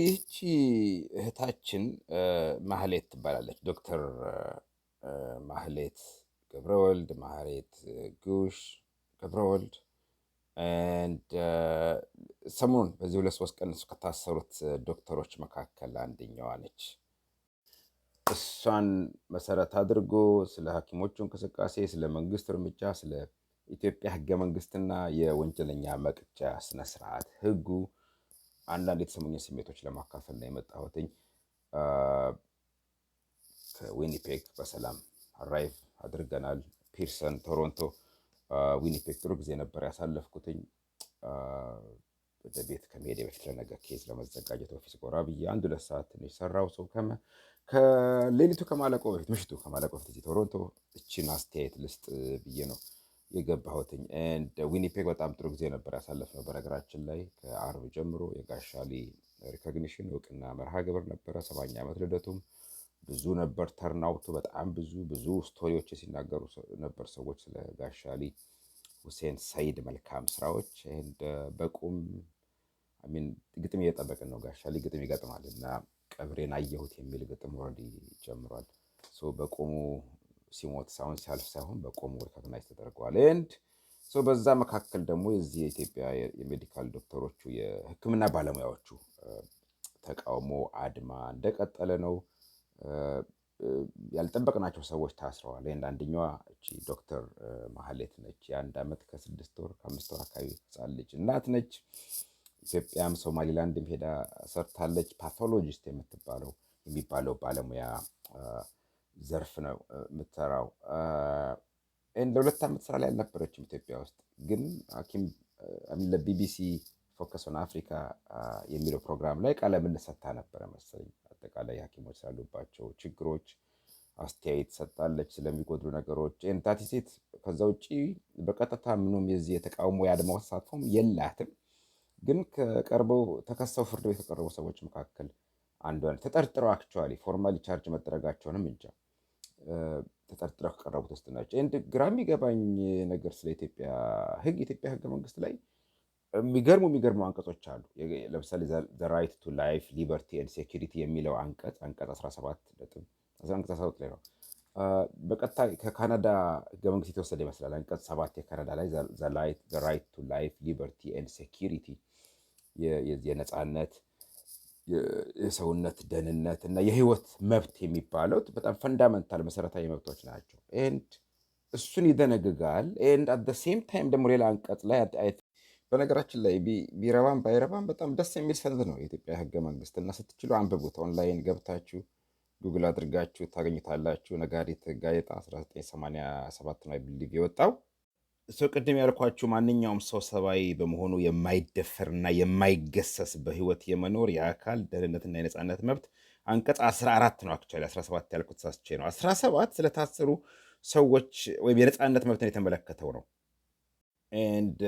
ይህቺ እህታችን ማህሌት ትባላለች። ዶክተር ማህሌት ገብረወልድ ማህሌት ጉሽ ገብረወልድ ሰሞኑን በዚህ ሁለት ሶስት ቀን ከታሰሩት ዶክተሮች መካከል አንደኛዋ ነች። እሷን መሰረት አድርጎ ስለ ሐኪሞቹ እንቅስቃሴ፣ ስለ መንግስት እርምጃ፣ ስለ ኢትዮጵያ ህገ መንግስትና የወንጀለኛ መቅጫ ስነስርዓት ህጉ አንዳንድ የተሰሙኝ ስሜቶች ለማካፈል ነው የመጣሁትኝ። ከዊኒፔግ በሰላም አራይቭ አድርገናል። ፒርሰን ቶሮንቶ፣ ዊኒፔግ ጥሩ ጊዜ ነበር ያሳለፍኩትኝ። ወደ ቤት ከመሄድ በፊት ለነገ ኬዝ ለመዘጋጀት ኦፊስ ጎራ ብዬ አንድ ሁለት ሰዓት ትንሽ ሰራው። ሰው ከሌሊቱ ከማለቆ በፊት ምሽቱ ከማለቆ በፊት ቶሮንቶ እችን አስተያየት ልስጥ ብዬ ነው የገባሁትኝ። ዊኒፔግ uh, በጣም ጥሩ ጊዜ ነበር ያሳለፍነው። በነገራችን ላይ ከአርብ ጀምሮ የጋሻሊ ሪኮግኒሽን እውቅና መርሃ ግብር ነበረ። ሰባኛ ዓመት ልደቱም ብዙ ነበር ተርናውቱ። በጣም ብዙ ብዙ ስቶሪዎች ሲናገሩ ነበር ሰዎች ስለ ጋሻሊ ሁሴን ሰይድ መልካም ስራዎች። ንድ uh, በቁም ሚን ግጥም እየጠበቅን ነው። ጋሻሊ ግጥም ይገጥማል እና ቀብሬን አየሁት የሚል ግጥም ወረድ ጀምሯል። በቁሙ ሲሞት ሳይሆን ሲያልፍ ሳይሆን በቆሙ ሪኮግናይዝ ተደርገዋል። ኤንድ ሶ በዛ መካከል ደግሞ የዚህ የኢትዮጵያ የሜዲካል ዶክተሮቹ የህክምና ባለሙያዎቹ ተቃውሞ አድማ እንደቀጠለ ነው። ያልጠበቅናቸው ሰዎች ታስረዋል። ንድ አንደኛዋ እቺ ዶክተር ማህሌት ነች። የአንድ ዓመት ከስድስት ወር ከአምስት ወር አካባቢ ሕፃን ልጅ እናት ነች። ኢትዮጵያም ሶማሊላንድም ሄዳ ሰርታለች። ፓቶሎጂስት የምትባለው የሚባለው ባለሙያ ዘርፍ ነው የምትሰራው። ለሁለት ዓመት ስራ ላይ አልነበረችም ኢትዮጵያ ውስጥ ግን ሐኪም ለቢቢሲ ፎከስ ኦን አፍሪካ የሚለው ፕሮግራም ላይ ቃለ ምልልስ ሰጥታ ነበረ መሰለኝ። አጠቃላይ ሐኪሞች ስላሉባቸው ችግሮች አስተያየት ሰጣለች፣ ስለሚጎድሉ ነገሮች ንታቲ ሴት። ከዛ ውጭ በቀጥታ ምንም የዚህ የተቃውሞ የአድማ ተሳትፎም የላትም። ግን ከቀርበው ተከሰው ፍርድ ቤት ከቀረቡ ሰዎች መካከል አንዷ ተጠርጥረው አክቹዋሊ ፎርማሊ ቻርጅ መደረጋቸውንም እንጃ ተጠርጥረው ከቀረቡት ውስጥ ናቸው። ንድ ግራ የሚገባኝ ነገር ስለ ኢትዮጵያ ህግ የኢትዮጵያ ህገ መንግስት ላይ የሚገርሙ የሚገርሙ አንቀጾች አሉ። ለምሳሌ ዘራይት ቱ ላይፍ ሊበርቲ ኤንድ ሴኪሪቲ የሚለው አንቀጽ አንቀጽ 17 አንቀጽ 17 ላይ ነው በቀጥታ ከካናዳ ህገ መንግስት የተወሰደ ይመስላል። አንቀጽ ሰባት የካናዳ ላይ ዘራይት ቱ ላይፍ ሊበርቲ ኤንድ ሴኪሪቲ የነፃነት የሰውነት ደህንነት እና የህይወት መብት የሚባለው በጣም ፈንዳመንታል መሰረታዊ መብቶች ናቸው። እሱን ይደነግጋል። አት ሴም ታይም ደግሞ ሌላ አንቀጽ ላይ በነገራችን ላይ ቢረባም ባይረባም በጣም ደስ የሚል ሰነድ ነው የኢትዮጵያ ህገ መንግስት እና ስትችሉ አንብቡት። ኦንላይን ገብታችሁ ጉግል አድርጋችሁ ታገኙታላችሁ። ነጋሪት ጋዜጣ 1987 ነው ብሊቭ የወጣው። ሰው ቅድም ያልኳችሁ ማንኛውም ሰው ሰብአዊ በመሆኑ የማይደፈርና የማይገሰስ በህይወት የመኖር የአካል ደህንነትና የነፃነት መብት አንቀጽ 14 ነው። አክቹዋሊ 17 ያልኩት ሳስቼ ነው። 17 ስለታሰሩ ሰዎች ወይም የነፃነት መብትን የተመለከተው ነው። ኤንድ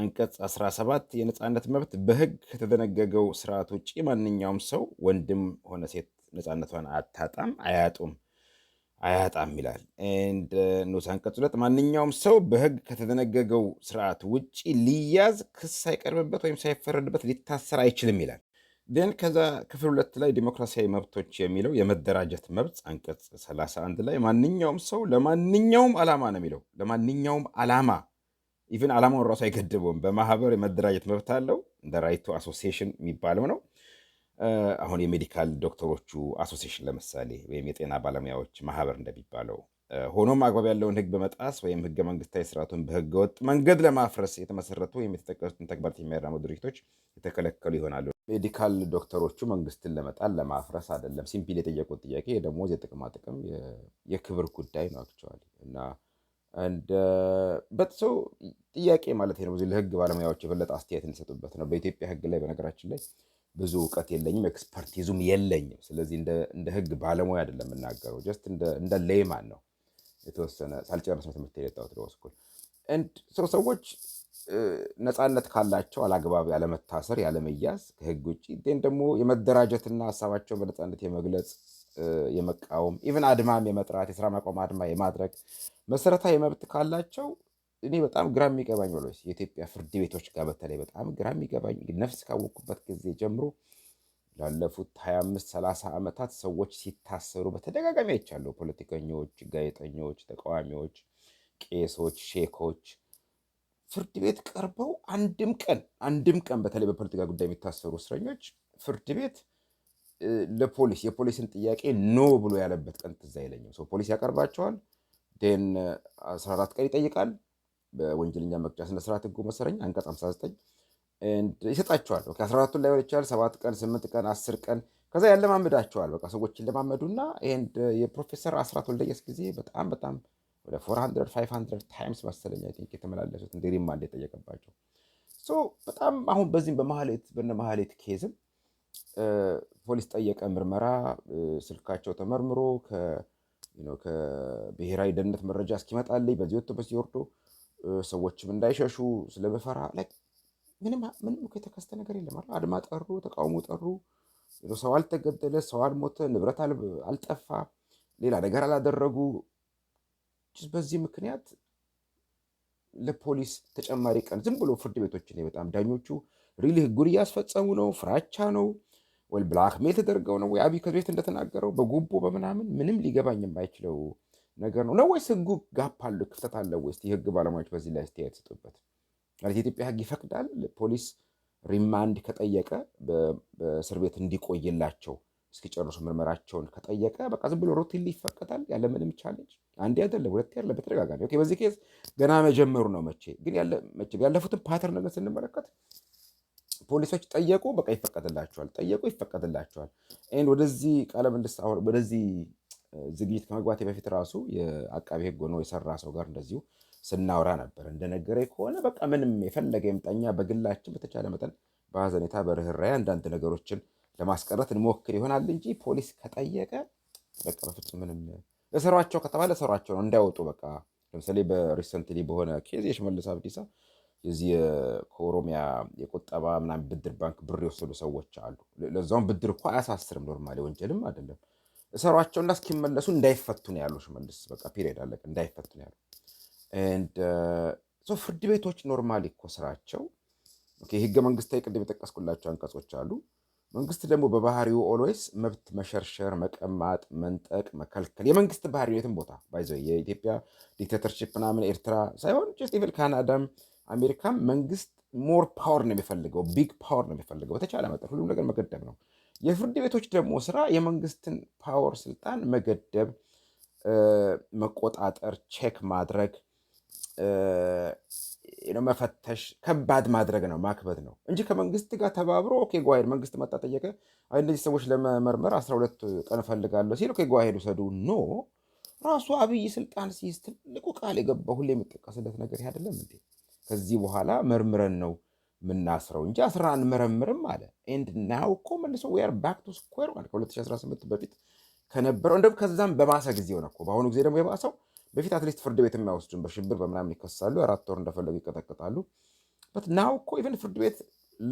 አንቀጽ 17 የነፃነት መብት በህግ ከተደነገገው ስርዓት ውጭ ማንኛውም ሰው ወንድም ሆነ ሴት ነፃነቷን አታጣም፣ አያጡም አያጣም ይላል። ንዑስ አንቀጽ ሁለት ማንኛውም ሰው በህግ ከተደነገገው ስርዓት ውጭ ሊያዝ፣ ክስ ሳይቀርብበት ወይም ሳይፈረድበት ሊታሰር አይችልም ይላል። ደን ከዛ ክፍል ሁለት ላይ ዲሞክራሲያዊ መብቶች የሚለው የመደራጀት መብት አንቀጽ 31 ላይ ማንኛውም ሰው ለማንኛውም ዓላማ ነው የሚለው ለማንኛውም ዓላማ ኢቨን ዓላማውን ራሱ አይገድበውም። በማህበር የመደራጀት መብት አለው። እንደ ራይቱ አሶሲሽን የሚባለው ነው። አሁን የሜዲካል ዶክተሮቹ አሶሲሽን ለምሳሌ ወይም የጤና ባለሙያዎች ማህበር እንደሚባለው ሆኖም አግባብ ያለውን ህግ በመጣስ ወይም ህገ መንግስታዊ ስርዓቱን ወጥ መንገድ ለማፍረስ የተመሰረቱ ወይም የተጠቀሱትን ተግባራት የሚያራምዱ ድርጅቶች የተከለከሉ ይሆናሉ። ሜዲካል ዶክተሮቹ መንግስትን ለመጣል ለማፍረስ አይደለም። ሲምፒል የጠየቁት ጥያቄ የደሞዝ፣ የጥቅማ ጥቅም፣ የክብር ጉዳይ ነው አክቸዋሊ እና ሰው ጥያቄ ማለት ነው። ለህግ ባለሙያዎች የበለጠ አስተያየት እንዲሰጡበት ነው። በኢትዮጵያ ህግ ላይ በነገራችን ላይ ብዙ እውቀት የለኝም፣ ኤክስፐርቲዙም የለኝም። ስለዚህ እንደ ህግ ባለሙያ አይደለም የምናገረው፣ ጀስት እንደ ሌማን ነው። የተወሰነ ሳልጨርስ ነው ትምህርት የወጣሁት ሎው ስኩል። ሰዎች ነፃነት ካላቸው አላግባብ ያለመታሰር፣ ያለመያዝ ከህግ ውጭ ን ደግሞ የመደራጀትና ሀሳባቸውን በነፃነት የመግለጽ የመቃወም ኢቨን አድማም የመጥራት የስራ ማቆም አድማ የማድረግ መሰረታዊ መብት ካላቸው እኔ በጣም ግራ የሚገባኝ ብሎ የኢትዮጵያ ፍርድ ቤቶች ጋር በተለይ በጣም ግራ የሚገባኝ ነፍስ ካወቅኩበት ጊዜ ጀምሮ ላለፉት 25 30 ዓመታት ሰዎች ሲታሰሩ በተደጋጋሚ አይቻለሁ። ፖለቲከኞች፣ ጋዜጠኞች፣ ተቃዋሚዎች፣ ቄሶች፣ ሼኮች ፍርድ ቤት ቀርበው አንድም ቀን አንድም ቀን በተለይ በፖለቲካ ጉዳይ የሚታሰሩ እስረኞች ፍርድ ቤት ለፖሊስ የፖሊስን ጥያቄ ኖ ብሎ ያለበት ቀን ትዝ አይለኝም። ፖሊስ ያቀርባቸዋል፣ ዴን 14 ቀን ይጠይቃል። በወንጀለኛ መቅጫ ስነስርዓት ህጉ መሰረኝ አንቀጽ 59 ይሰጣቸዋል። ከ14ቱን ላይ ይችላል ሰባት ቀን ስምንት ቀን አስር ቀን ከዛ ያለማምዳቸዋል። በቃ ሰዎች ለማመዱና ይህን የፕሮፌሰር አስራት ወልደየስ ጊዜ በጣም በጣም ወደ 400 500 ታይምስ መሰለኝ አይ ቲንክ የተመላለሱት እንደ ሪማንድ የጠየቀባቸው ሶ በጣም አሁን በዚህም በማህሌት በነ ማህሌት ኬዝም ፖሊስ ጠየቀ ምርመራ ስልካቸው ተመርምሮ ከብሔራዊ ደህንነት መረጃ እስኪመጣልኝ በዚህ ወጥቶ በዚህ ወርዶ ሰዎችም እንዳይሸሹ ስለመፈራ ምንም የተከሰተ ነገር የለም። አድማ ጠሩ፣ ተቃውሞ ጠሩ። ሰው አልተገደለ፣ ሰው አልሞተ፣ ንብረት አልጠፋ፣ ሌላ ነገር አላደረጉ። በዚህ ምክንያት ለፖሊስ ተጨማሪ ቀን ዝም ብሎ ፍርድ ቤቶች ላይ በጣም ዳኞቹ ሪሊ ህጉን እያስፈጸሙ ነው። ፍራቻ ነው ወይ ብላክሜል ተደርገው ነው ወይ አብይ ከዚህ በፊት እንደተናገረው በጉቦ በምናምን ምንም ሊገባኝ የማይችለው ነገር ነው ነው ወይስ ህጉ ጋፕ አለ ክፍተት አለ ወይስ? የህግ ባለሙያዎች በዚህ ላይ አስተያየት ሰጡበት ማለት የኢትዮጵያ ህግ ይፈቅዳል ፖሊስ ሪማንድ ከጠየቀ በእስር ቤት እንዲቆይላቸው እስኪጨርሱ ምርመራቸውን ከጠየቀ በቃ ዝም ብሎ ሩቲን ይፈቀዳል ያለ ምንም ቻሌንጅ። አንድ አይደለም ሁለቴ ያለ በተደጋጋሚ። በዚህ ኬዝ ገና መጀመሩ ነው። መቼ ግን ያለፉትን ፓተርን ነገር ስንመለከት ፖሊሶች ጠየቁ፣ በቃ ይፈቀድላቸዋል፣ ጠየቁ፣ ይፈቀድላቸዋል። ወደዚህ ቀለም ወደዚህ ዝግጅት ከመግባቴ በፊት ራሱ የአቃቤ ሕግ ሆኖ የሰራ ሰው ጋር እንደዚሁ ስናወራ ነበር። እንደነገረ ከሆነ በቃ ምንም የፈለገ የምጠኛ በግላችን በተቻለ መጠን በሀዘኔታ በርኅራኄ አንዳንድ ነገሮችን ለማስቀረት እንሞክር ይሆናል እንጂ ፖሊስ ከጠየቀ በቃ በፍጹም ምንም ለሰሯቸው ከተባለ እሰሯቸው ነው እንዳይወጡ። በቃ ለምሳሌ በሪሰንትሊ በሆነ ኬዝ የሽመልስ አብዲሳ የዚህ ከኦሮሚያ የቁጠባ ምናምን ብድር ባንክ ብር የወሰዱ ሰዎች አሉ። ለዛውም ብድር እኮ አያሳስርም፣ ኖርማሊ ወንጀልም አይደለም። እሰሯቸውና እስኪመለሱ እንዳይፈቱ ነው ያሉ ሽመልስ። በቃ ፒሪድ አለቀ። እንዳይፈቱ ነው ያሉ። uh, ፍርድ ቤቶች ኖርማሊ እኮ ስራቸው ህገ መንግስታዊ ቅድም የጠቀስኩላቸው አንቀጾች አሉ። መንግስት ደግሞ በባህሪው ኦልዌይስ መብት መሸርሸር፣ መቀማጥ፣ መንጠቅ፣ መከልከል የመንግስት ባህሪ የትም ቦታ ባይዘ የኢትዮጵያ ዲክቴተርሺፕ ምናምን ኤርትራ ሳይሆን ኢቨን ካናዳም አሜሪካም መንግስት ሞር ፓወር ነው የሚፈልገው፣ ቢግ ፓወር ነው የሚፈልገው። በተቻለ መጠን ሁሉም ነገር መገደብ ነው። የፍርድ ቤቶች ደግሞ ስራ የመንግስትን ፓወር ስልጣን መገደብ፣ መቆጣጠር፣ ቼክ ማድረግ፣ መፈተሽ፣ ከባድ ማድረግ ነው፣ ማክበድ ነው እንጂ ከመንግስት ጋር ተባብሮ ኦኬ ጓሄድ መንግስት መጣ ጠየቀ፣ እነዚህ ሰዎች ለመመርመር አስራ ሁለት ቀን እፈልጋለሁ ሲል ኦኬ ጓሄድ ውሰዱ ኖ ራሱ አብይ ስልጣን ሲይዝ ትልቁ ቃል የገባ ሁሌ የሚጠቀስለት ነገር አይደለም እንዴ? ከዚህ በኋላ መርምረን ነው ምናስረው እንጂ አስራ አንመረምርም አለ። ኤንድ ናው እኮ መልሶ ዌር ባክ ቱ ስኩዌር ዋን ከ2018 በፊት ከነበረው እንደውም ከዛም በባሰ ጊዜ ሆነ እኮ። በአሁኑ ጊዜ ደግሞ የባሰው በፊት አትሊስት ፍርድ ቤት የማይወስዱም በሽብር በምናምን ይከሳሉ፣ አራት ወር እንደፈለጉ ይቀጠቅጣሉ። በት ናው እኮ ኢቨን ፍርድ ቤት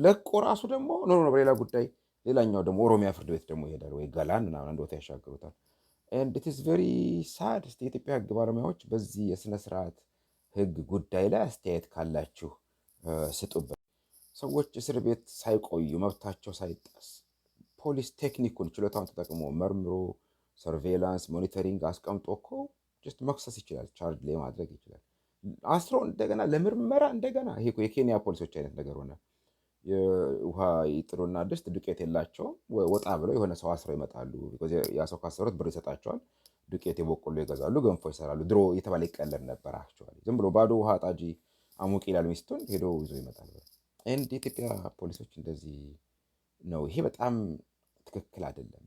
ለቆ ራሱ ደግሞ ኖ ነው በሌላ ጉዳይ። ሌላኛው ደግሞ ኦሮሚያ ፍርድ ቤት ደግሞ ይሄዳል ወይ ገላን ምናምን አንድ ቦታ ያሻግሩታል። ኤንድ ኢት ኢዝ ቬሪ ሳድ። እስኪ የኢትዮጵያ ህግ ባለሙያዎች በዚህ የስነ ስርዓት ሕግ ጉዳይ ላይ አስተያየት ካላችሁ ስጡበት። ሰዎች እስር ቤት ሳይቆዩ መብታቸው ሳይጣስ ፖሊስ ቴክኒኩን ችሎታውን ተጠቅሞ መርምሮ ሰርቬላንስ ሞኒተሪንግ አስቀምጦ እኮ ጀስት መክሰስ ይችላል፣ ቻርጅ ላይ ማድረግ ይችላል። አስሮ እንደገና ለምርመራ እንደገና ይሄ የኬንያ ፖሊሶች አይነት ነገር ሆነ። ውሃ ይጥሉና ድስት ዱቄት የላቸውም። ወጣ ብለው የሆነ ሰው አስረው ይመጣሉ። ያ ሰው ካሰሩት ብር ይሰጣቸዋል። ዱቄት የበቆሎ ይገዛሉ፣ ገንፎ ይሰራሉ። ድሮ የተባለ ይቀለል ነበር። ዝም ብሎ ባዶ ውሃ ጣጂ አሙቅ ይላል ሚስቱን፣ ሄዶ ይዞ ይመጣል። እንድ የኢትዮጵያ ፖሊሶች እንደዚህ ነው። ይሄ በጣም ትክክል አይደለም።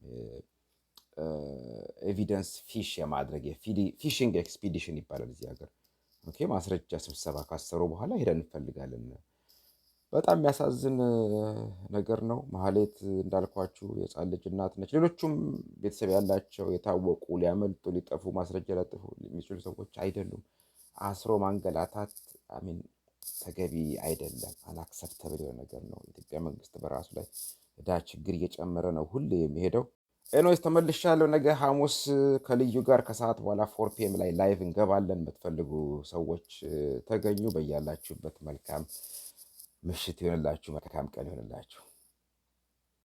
ኤቪደንስ ፊሽ የማድረግ የፊሽንግ ኤክስፒዲሽን ይባላል እዚህ ሀገር። ኦኬ ማስረጃ ስብሰባ ካሰሩ በኋላ ሄደን እንፈልጋለን። በጣም የሚያሳዝን ነገር ነው። መሀሌት እንዳልኳችሁ የህፃን ልጅ እናት ነች። ሌሎቹም ቤተሰብ ያላቸው የታወቁ ሊያመልጡ ሊጠፉ ማስረጃ ሊያጠፉ የሚችሉ ሰዎች አይደሉም። አስሮ ማንገላታት አሚን ተገቢ አይደለም። አላክሰፕተብል የሆነ ነገር ነው። ኢትዮጵያ መንግስት በራሱ ላይ እዳ ችግር እየጨመረ ነው ሁሌ የሚሄደው። ኤኖስ ተመልሻለሁ። ነገ ሐሙስ ከልዩ ጋር ከሰዓት በኋላ ፎር ፒኤም ላይ ላይቭ እንገባለን። የምትፈልጉ ሰዎች ተገኙ። በያላችሁበት መልካም ምሽት ይሆንላችሁ። መልካም ቀን ይሆንላችሁ።